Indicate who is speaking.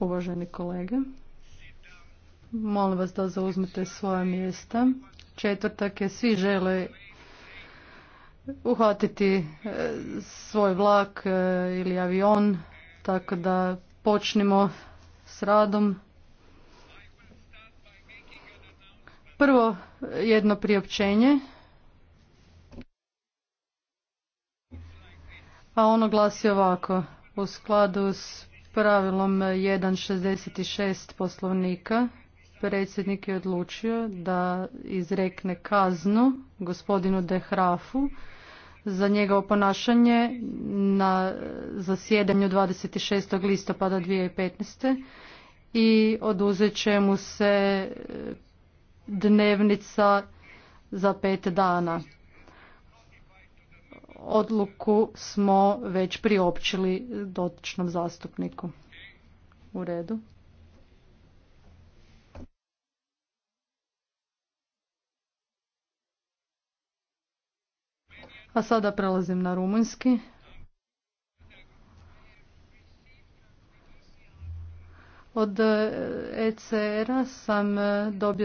Speaker 1: Uvaženi kolege, molim vas da zauzmete svoja mjesta. Četvrtak je, svi žele uhvatiti e, svoj vlak e, ili avion, tako da počnimo s radom. Prvo jedno priopćenje. a ono glasi ovako. U skladu s pravilom 1.66 poslovnika predsjednik je odlučio da izrekne kaznu gospodinu De Hrafu za njegovo ponašanje na zasjedanju 26. listopada 2015. i oduzet će mu se dnevnica za pet dana odluku smo već priopćili dotičnom zastupniku. U redu. A sada prelazim na rumunjski. Od ECR-a e sam dobio